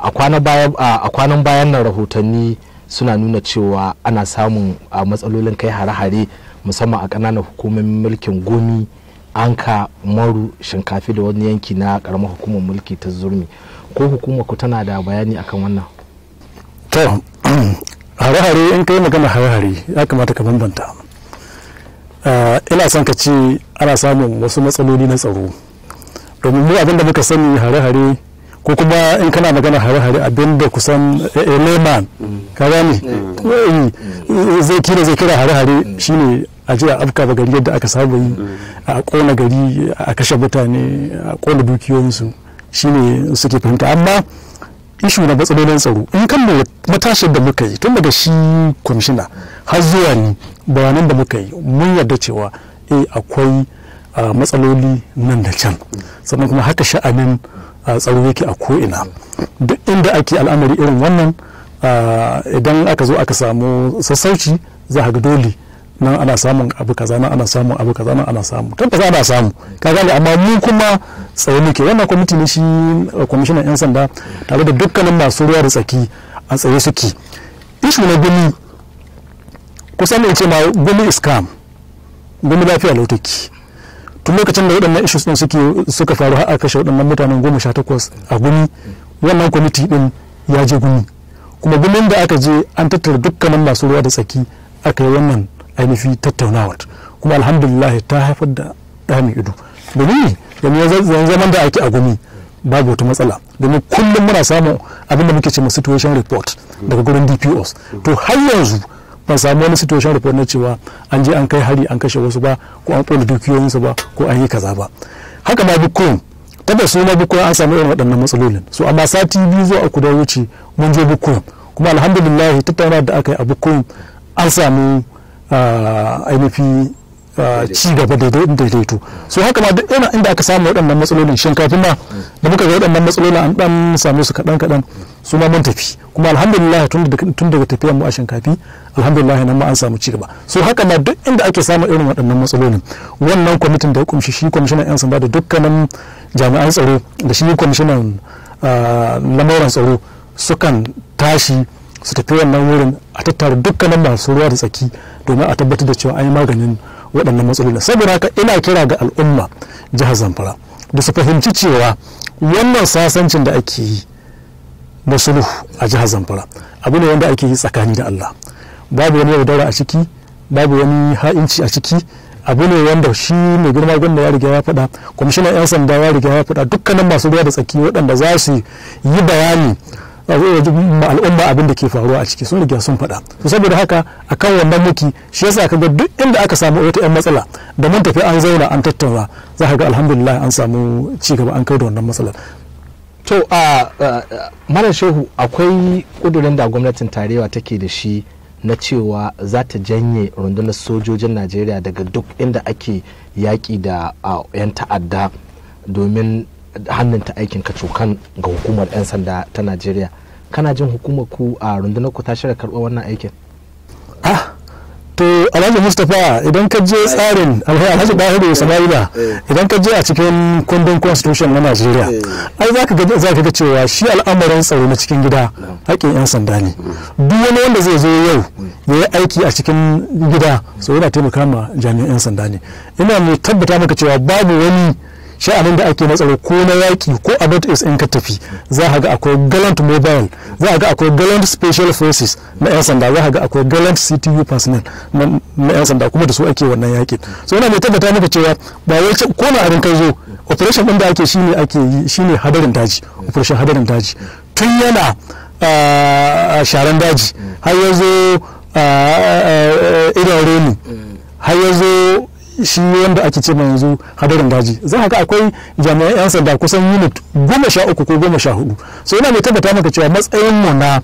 S1: a kwanan bayan nan rahotanni suna nuna cewa ana samun a matsalolin kai hare-hare musamman a ƙananan hukumomin mulkin gomi anka maru shinkafi da wani yanki na ƙaramar hukumar mulki ta zurmi ko hukumar ku tana da bayani akan wannan to [CLEARS THROAT]
S4: hare-hare in kai magana
S1: hare-hare ya kamata ka bambanta
S4: Eh, ina son ka ce ana samun wasu matsaloli na tsaro domin mu abinda muka sani hare-hare ko kuma in kana magana hare-hare abinda kusan eh, leman ka gane eh, zai kira zai kira hare-hare shine a ji a afka ba gari yadda aka saba yi a kona gari a kashe mutane a kona dukiyoyinsu shine suke fahimta amma ishu na matsalolin tsaro in kan matashin da muka yi tun daga shi kwamishina har zuwa ni bayanan da muka yi mun yarda cewa eh akwai ah, matsaloli nan da can sannan kuma haka sha'anin ah, tsaro yake a ko'ina duk inda ake al'amari irin wannan ah, idan aka zo aka samu sassauci za a ga dole nan ana samun abu kaza nan ana samun abu kaza nan ana samu tabbas ana samu ka gane amma mu kuma tsaye muke wannan kwamiti ne shi eh, kwamishinan yan sanda tare da dukkanin masu ruwa da tsaki a tsaye suke ishu na gani kusan in ce ma gumi iskam gumi lafiya lautaki tun lokacin da waɗannan issues ɗin suke suka faru har kashe waɗannan mutanen goma sha takwas a gumi wannan kwamiti ɗin ya je gumi kuma gumin da aka je an tattara dukkanin masu ruwa da tsaki aka yi wannan ainihi tattaunawar kuma alhamdulillah ta haifar da ɗami ido domin yanzu zaman da ake a gumi babu wata matsala domin kullum muna samun abin da muke ce situation report daga gurin dpos to har yanzu ba samu wani situation report na cewa an je an kai hari an kashe wasu ba ko an ƙona dukiyoyinsu ba ko an yi kaza ba haka ma bitcoin tabbas su ma bitcoin an samu irin waɗannan matsalolin so amma sati biyu zuwa uku da wuce mun je bitcoin kuma alhamdulillah tattaunawa da aka yi a bitcoin an samu ah, ainihin ci gaba daidaito so haka ma duk ina inda aka samu waɗannan matsalolin shinkafi ma da muka ga waɗannan matsalolin an dan same su kaɗan kaɗan su ma mun tafi kuma alhamdulillah tun daga tafiyar mu a shinkafi alhamdulillah nan ma an samu ci gaba so haka ma duk inda ake samu irin waɗannan matsalolin wannan kwamitin da ya kumshi shi kwamishinan yan sanda da dukkanin jami'an tsaro da shi kwamishinan lamuran tsaro sukan tashi su tafi wannan wurin a tattara dukkanin masu ruwa da tsaki domin a tabbatar da cewa an yi maganin waɗannan matsalolin saboda haka ina kira ga al'umma jihar zamfara da su fahimci cewa wannan sasancin da ake yi na sulhu a jihar zamfara abu ne wanda ake yi tsakani da allah babu wani yaudara a ciki babu wani ha'inci a ciki abu ne wanda shi mai girma gwanda ya riga ya faɗa kwamishinan 'yan sanda ya riga ya faɗa dukkanin masu ruwa da tsaki waɗanda za su yi bayani al'umma abin da ke faruwa a ciki sun riga sun faɗa to saboda haka a kan wannan muki shi yasa ga duk inda aka samu wata yan matsala da mun tafi an zauna an tattauna za ka ga alhamdulillah an samu ci gaba an kai da wannan matsalar
S1: to a mara shehu akwai kudurin da gwamnatin tarewa take da shi na cewa za ta janye rundunar sojojin najeriya daga duk inda ake yaƙi da 'yan ta'adda domin hannunta aikin ka cokan ga hukumar 'yan sanda ta najeriya kana jin hukumar ku a rundunar ku ta shirya karɓar wannan aikin ah to alhaji
S4: mustapha idan ka je tsarin alhaji bahiru isma'ila eh. idan ka je a cikin kundin constitution na najeriya eh. ai za ka za ga cewa shi al'amarin tsaro na cikin gida haƙƙin yan sanda ne mm. duk wani wanda zai zo yau mm. ya yi aiki a cikin gida so yana taimaka ma jami'an yan sanda ne ina mai tabbata maka cewa babu wani shi abin da ake matsaro ko na yaƙi ko abin is in ka tafi za a ga akwai gallant mobile za a ga akwai gallant special forces na 'yan sanda za a ga akwai gallant ctu personnel na 'yan sanda kuma da su ake wannan yaƙi so yana mai tabbata maka cewa ba wai ko na abin kai zo operation din da ake shine ake yi shine hadarin daji operation hadarin daji tun yana sharan daji har yanzu idan reni har yanzu shi wanda ake ce yanzu hadarin daji za ga akwai jami'an 'yan sanda kusan unit goma sha uku ko goma sha hudu so yana mai tabbata maka cewa matsayin mu na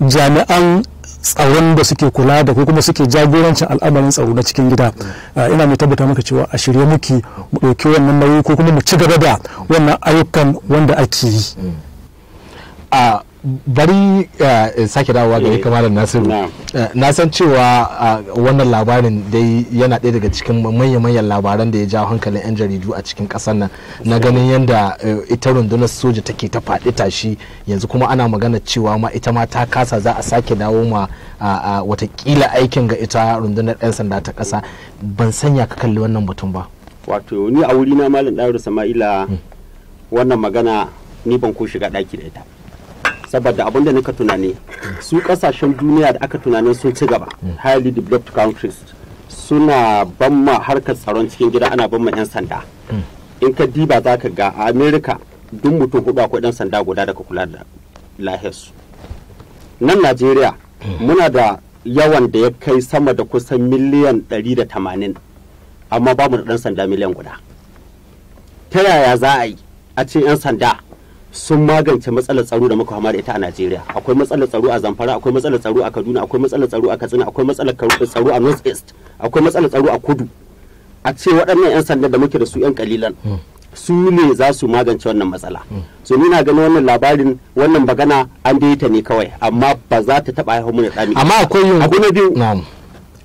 S4: jami'an tsaron da suke kula da ko kuma suke jagorancin al'amarin tsaro na cikin gida eh, ina mai tabbata maka cewa a shirye muke mu ɗauki wannan nauyi ko kuma mu ci gaba da wannan ayyukan wanda
S1: ake yi a bari eh, sake dawowa ga eh, kamarar nasiru eh, na san cewa ah, wannan labarin dai yana ɗaya daga cikin manya-manyan labaran da ya ja hankalin 'yan jaridu a cikin ƙasar nan na ganin yadda ita rundunar soja take ta faɗi tashi yanzu kuma ana magana cewa ma ita ma ta kasa za a sake dawo ma ah, ah, watakila aikin ga ita rundunar 'yan sanda ta ƙasa ban sanya ka kalli wannan batun ba
S2: wato ni a wurina malam ɗaru sama'ila hmm. wannan magana ni ban ko shiga ɗaki da ita saboda abin da nika tunani su kasashen duniya da aka tunanin sun ci gaba highly developed countries suna banma harkar tsaron cikin gida ana ma 'yan sanda in ka diba za ka ga a america duk mutum hudu akwai dan sanda guda daga kula da lahirsu nan najeriya muna da yawan da ya kai sama da kusan miliyan 180 amma ba mu da dan sanda miliyan guda ta yaya za a yi a ce 'yan sanda sun magance matsalar tsaro da muka hama da ita a Najeriya akwai matsalar tsaro a Zamfara akwai matsalar tsaro a Kaduna akwai matsalar tsaro a Katsina akwai matsalar tsaro a North East akwai matsalar tsaro a Kudu a ce waɗannan 'yan sanda da muke da su 'yan kalilan hmm. su ne za su magance wannan matsala hmm. so ni na ganin wannan labarin wannan magana. an dai ta ne kawai amma ba za ta taba haihu mun tsami amma akwai yin abu na biyu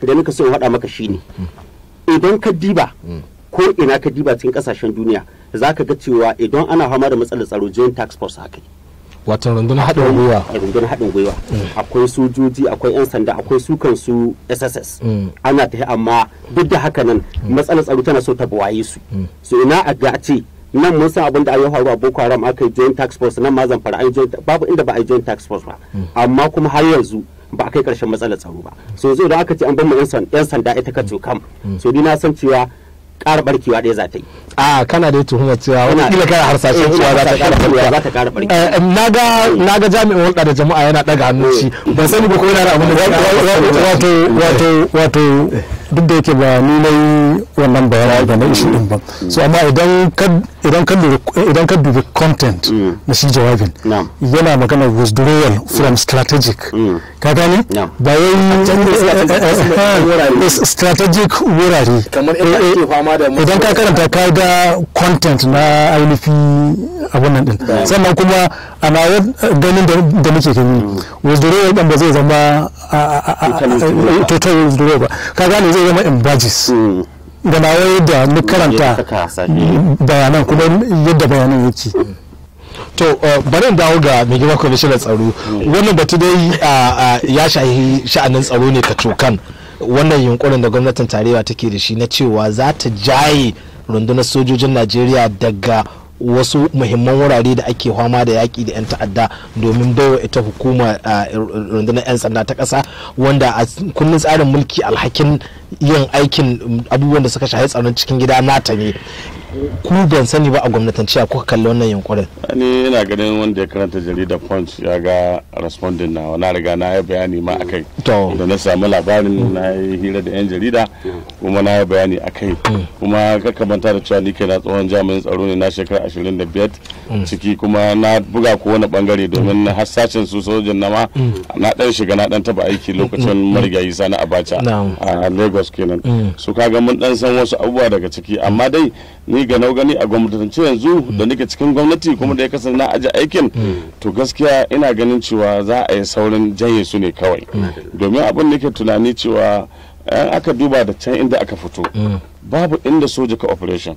S2: da nika so in faɗa maka shine hmm. idan ka diba ko ina ka diba cikin kasashen duniya za ka ga cewa idan ana fama da matsalar tsaro joint tax force haka
S1: watan rundunar haɗin gwiwa
S2: rundunar haɗin gwiwa mm. akwai sojoji akwai 'yan sanda akwai su kansu sss mm. ana ta amma duk da haka nan mm. matsalar tsaro tana so ta buwaye su so ina a ga ce nan mun san abin da yi faru a boko haram aka yi joint tax force nan ma fara an joint babu inda ba a yi joint tax force ba amma kuma har yanzu ba a kai karshen matsalar tsaro ba so yanzu da aka ce an bar mu 'yan sanda ita ka kam so ni na san cewa kara barkewa ɗaya za ta yi
S1: a kana dai tuhumar cewa wani kila kana harsashen eh, cewa za ta
S2: ƙara za ta ƙara barkewa
S1: eh, na ga jami'in hulɗa da jama'a yana ɗaga hannun shi
S2: ban sani ba ko yana
S4: da abin da wato wato wato duk da yake ba ni nayi wannan bayani da na ishi din ba so amma idan ka idan ka dubi content mm. na shi jawabin yana magana withdrawal from mm. strategic mm. ka gani ba yayi eh, eh, eh, strategic wurare kamar
S1: idan ka karanta ka ga
S4: content na ainihin abun nan din sannan kuma ana ganin da muke gani withdrawal din ba zai zama total roba ka gane zai zama in bajis mm. da ba wai da mu mm. karanta eh. mm. bayanan kuma yadda bayanan yake
S1: to uh, bari in dawo ga mai girma kwamishinan tsaro wannan batu dai uh, uh, ya shahi sha'anin tsaro ne ka cokan wannan yunkurin da gwamnatin tarayya take da shi na cewa za ta jaye rundunar sojojin najeriya daga wasu muhimman wurare da ake fama da yaƙi da 'yan ta'adda domin baiwa ita hukuma rundunar 'yan sanda ta ƙasa wanda a kundin tsarin mulki alhakin yin aikin abubuwan da suka shahi tsaron cikin gida nata ne ku ban sani ba a gwamnatance a kuka kalli wannan yunkurin
S3: ni ina ganin wanda ya karanta jarida punch ya ga responding na na riga na yi bayani ma akai da na samu labarin na yi hira da yan jarida kuma na yi bayani akai mm. kuma kaka manta da cewa ni na tsohon jami'in tsaro ne na shekara 25 mm. ciki kuma na buga ko wani bangare domin na mm. hassashin su sojan na ma na dan shiga na dan taba aiki lokacin marigayi sani abacha a lagos kenan su kaga mun dan san wasu abubuwa daga ciki amma dai ni ni ga gani a gwamnatance yanzu da nake cikin gwamnati kuma da ya kasance na aji aikin to gaskiya ina ganin cewa za a yi saurin janye su ne kawai domin abin da tunani cewa yan aka duba da can inda aka fito babu inda soja ka operation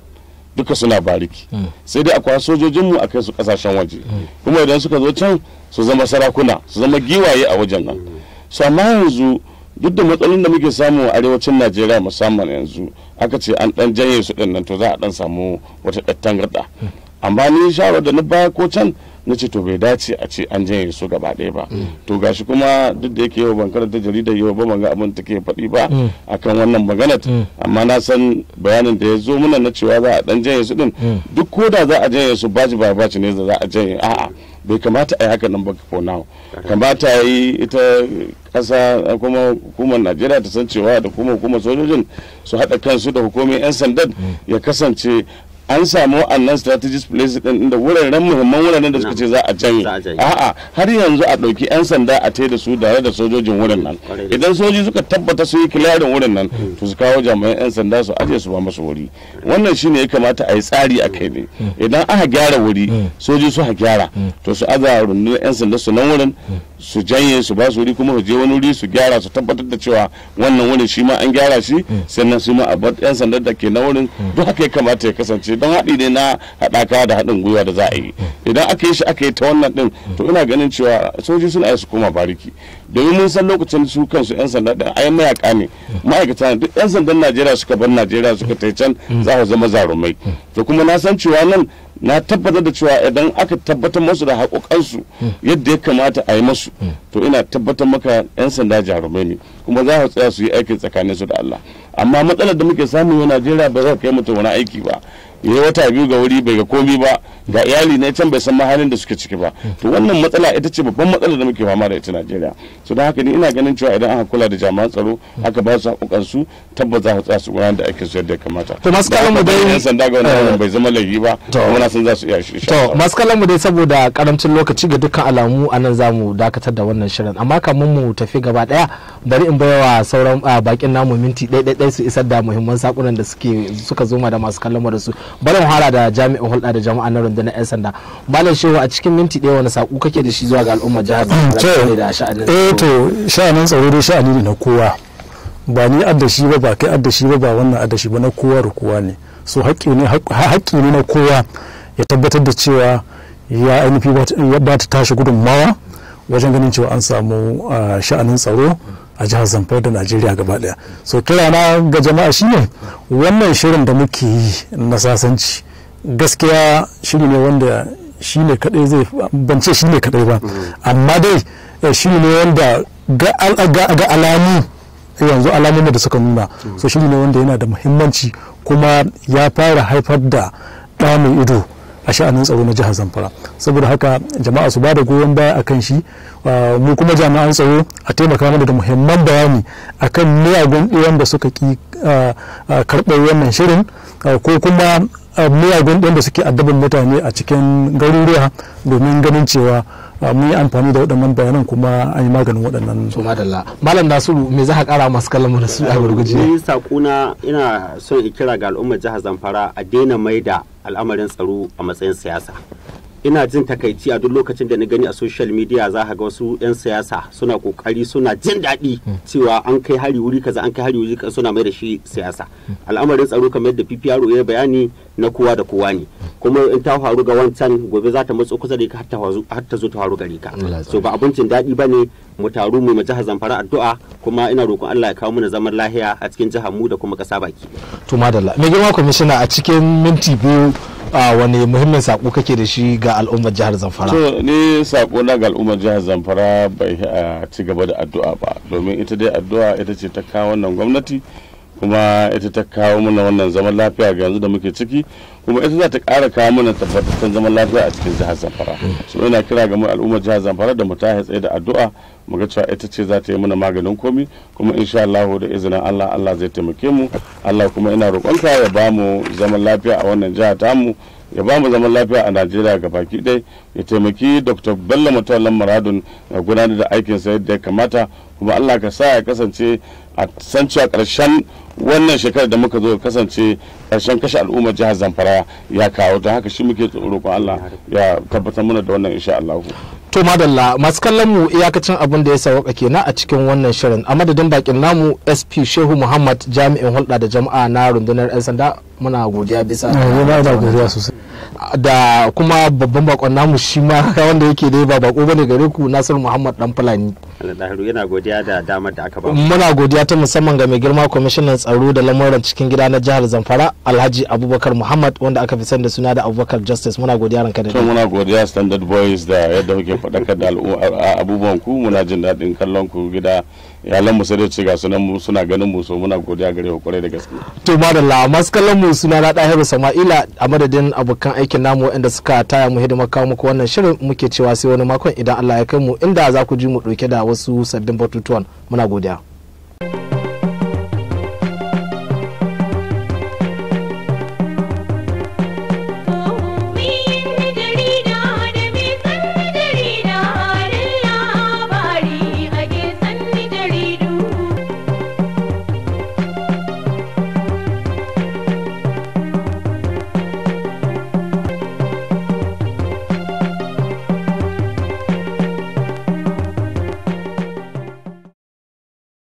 S3: duka suna bariki sai dai akwai sojojin mu akai su kasashen waje kuma idan suka zo can su zama sarakuna su zama giwaye a wajen nan so amma yanzu duk da matsalolin da muke samu a arewacin najeriya musamman yanzu aka ce an dan janye su dinnan to za a dan samu wata dattan garda amma ni shawar da na baya ko can na ce to bai dace a ce an janye su gaba ɗaya ba mm. to gashi kuma duk da yake yau ban karanta jaridar yau ba ban ga abin take faɗi ba mm. akan wannan maganar mm. amma na san bayanin da ya zo mana na cewa za a dan janye su din duk ko da za a janye su baji ba ne za a janye a'a bai kamata a yi haka nan ba for now kamata a yi ita kasa kuma hukumar najeriya ta san cewa da kuma hukumar sojojin su haɗa kansu da hukumar 'yan sandan mm. ya kasance an samu annan strategist place din inda wuraren muhimman wuraren da suka ce za a janye a'a har yanzu a ɗauki 'yan sanda a tai da su tare da sojojin wurin nan idan soji suka tabbata su yi kilarin wurin nan hmm. to su kawo jami'an 'yan sanda su aje su ba masu wuri hmm. wannan shine ya kamata a yi tsari a kai ne hmm. idan aka gyara wuri soji su gyara to su aza rundunar 'yan sanda su nan wurin su janye su ba su wuri kuma su je wani wuri su gyara su tabbatar da cewa wannan wurin shi ma an gyara shi sannan su ma a bar 'yan sanda da ke na wurin duk haka ya kamata ya kasance don haɗi ne na haɗaka da haɗin gwiwa da za a yi idan aka yi shi aka yi ta wannan ɗin to ina ganin cewa sojoji suna yi su koma bariki domin mun san lokacin su kansu 'yan sanda ɗin yi mayaka ne ma'aikata duk 'yan sandan najeriya suka bar najeriya suka ta can za su zama zarumai to kuma na san cewa nan na tabbatar da cewa idan aka tabbatar masu da haƙoƙansu yadda ya kamata a yi masu to ina tabbatar maka 'yan sanda jarumai ne kuma za su tsaya su yi aikin tsakaninsu da Allah amma matsalar da muke samu a Najeriya ba za ka kai mutum wani aiki ba ya wata biyu ga wuri bai ga komi ba ga iyali na can bai san mahalin da suke ciki ba to wannan matsala ita ce babban matsala da muke fama da ita Najeriya so don haka ni ina ganin cewa idan aka kula da jami'an tsaro aka ba su hakukan su tabbata za su tsaya su gudanar da aikin su yadda ya kamata to masu kallon mu dai yan sanda ga eh. wannan bai zama laifi ba kuma na san za su iya shi to masu kallon mu dai
S1: saboda karamcin lokaci ga dukkan alamu a za zamu dakatar da wannan shirin amma kamun mu tafi gaba daya bari in baiwa sauran ah, bakin namu minti ɗaya ɗaya su isar da muhimman sakunan da suke suka zo da masu kallon mu da su bari mu hara da jami'in hulɗa da jama'a na rundunar 'yan sanda malam shehu a cikin minti ɗaya wani saƙo kake da shi zuwa ga al'ummar jihar mm, da sha'anin eh to sha'anin
S4: tsaro dai sha'ani ne na kowa ba ni addashi ba ba kai addashi ba ba wannan shi ba na kowa da kowa ne so haƙƙi ne haƙƙi ne na kowa ya tabbatar da cewa ya ainihi ba ta tashi gudunmawa wajen ganin cewa an samu ah, sha'anin tsaro a jihar zamfara da najeriya gaba daya so kira na ga jama'a shine wannan shirin da muke yi na sasanci gaskiya shiri ne wanda shi ne kadai zai bance shi ne kadai ba amma dai eh, shi ne wanda ga alamu yanzu alamun da suka nuna so shi ne wanda yana da muhimmanci kuma ya fara haifar da ɗa mai ido a sha'anin tsaro na jihar zamfara saboda haka jama'a su ba da goyon baya a kan shi ah, mu kuma jami'an tsaro a taimaka mana da muhimman bayani kan miyagun ɗiyan da suka ki ah, ah, karɓar wannan shirin ko kuma miyagun ɗiyan da suke addabin mutane a cikin garuruwa domin ganin cewa mun yi amfani da waɗannan bayanan kuma an yi maganin waɗannan su
S2: madalla
S1: malam nasiru me za ka ƙara masu kallon su a
S4: gurguje ni
S2: sakuna ina son in kira ga al'ummar jihar zamfara a daina maida al'amarin tsaro a matsayin siyasa ina jin takaici a duk lokacin da na gani a social media za ka ga wasu 'yan siyasa suna kokari suna jin daɗi hmm. cewa an kai hari wuri kaza an kai hari wuri kaza suna mai da shi siyasa al'amarin tsaro kamar yadda PPRO ya bayani na kowa da kowa ne kuma in ta faru ga wancan gobe za ta matso kusa da ka har ta zo ta faru gare ka so ba abincin daɗi ba ne mu taru mu jihar zamfara addu'a kuma ina roƙon Allah ya kawo mana zaman lahiya a cikin jihar mu da kuma ƙasa baki.
S1: to madalla mai girma kwamishina a cikin minti biyu a wani muhimmin sako kake da shi ga al'ummar jihar zamfara to
S3: ni sako na ga al'ummar jihar zamfara bai ci gaba da addu'a ba domin ita dai addu'a ita ce ta kawo wannan gwamnati kuma ita ta kawo mana wannan zaman lafiya ga yanzu da muke ciki kuma ita za ta ƙara kawo mana tabbatattun zaman lafiya a cikin jihar zamfara so ina kira ga mu al'ummar jihar zamfara da mu ta tsaye da addu'a mu ga cewa ita ce za ta yi mana maganin komi kuma insha Allah da izinin Allah Allah zai taimake mu Allah kuma ina roƙonka ya ba mu zaman lafiya a wannan jiha tamu ya ba mu zaman lafiya a najeriya ga baki ɗaya ya taimaki dr bello mutallan maradun ya gudanar da aikinsa yadda ya kamata kuma allah ka sa ya kasance a sanciya karshen. wannan shekarar da muka zo kasance karshen kashe al'ummar jihar zamfara ya kawo don haka shi muke roƙon allah ya tabbatar mana da wannan insha allah
S1: to madalla masu kallon mu iyakacin abin da ya sauka kenan a cikin wannan shirin a madadin bakin namu sp shehu muhammad jami'in hulɗa da jama'a na rundunar 'yan sanda muna godiya bisa da eh, sosai. Da kuma babban bakon namu shi ma [LAUGHS] wanda yake dai ba bako bane gare ku Nasir Muhammad dan Fulani
S2: yana muna
S3: godiya
S1: ta musamman ga mai girma kwamishinan tsaro da lamuran cikin gida na jihar Zamfara Alhaji Abubakar Muhammad wanda aka fi sani da suna da Abubakar Justice muna godiya ranka da
S3: muna godiya Standard Boys da yadda kuke faɗakar da al'umma abubuwan ku muna jin daɗin kallon ku gida iyalan mu sai da sunan mu suna ganin mu so muna godiya gare ku kwarai da gaske to madalla
S1: maskalanmu mu suna na dahiru sama'ila a madadin abokan aikin namu waɗanda suka taya mu hidima kawo muku wannan shirin muke cewa sai wani makon idan Allah ya kai mu inda za ku ji mu ɗauke da wasu sabbin batutuwan muna godiya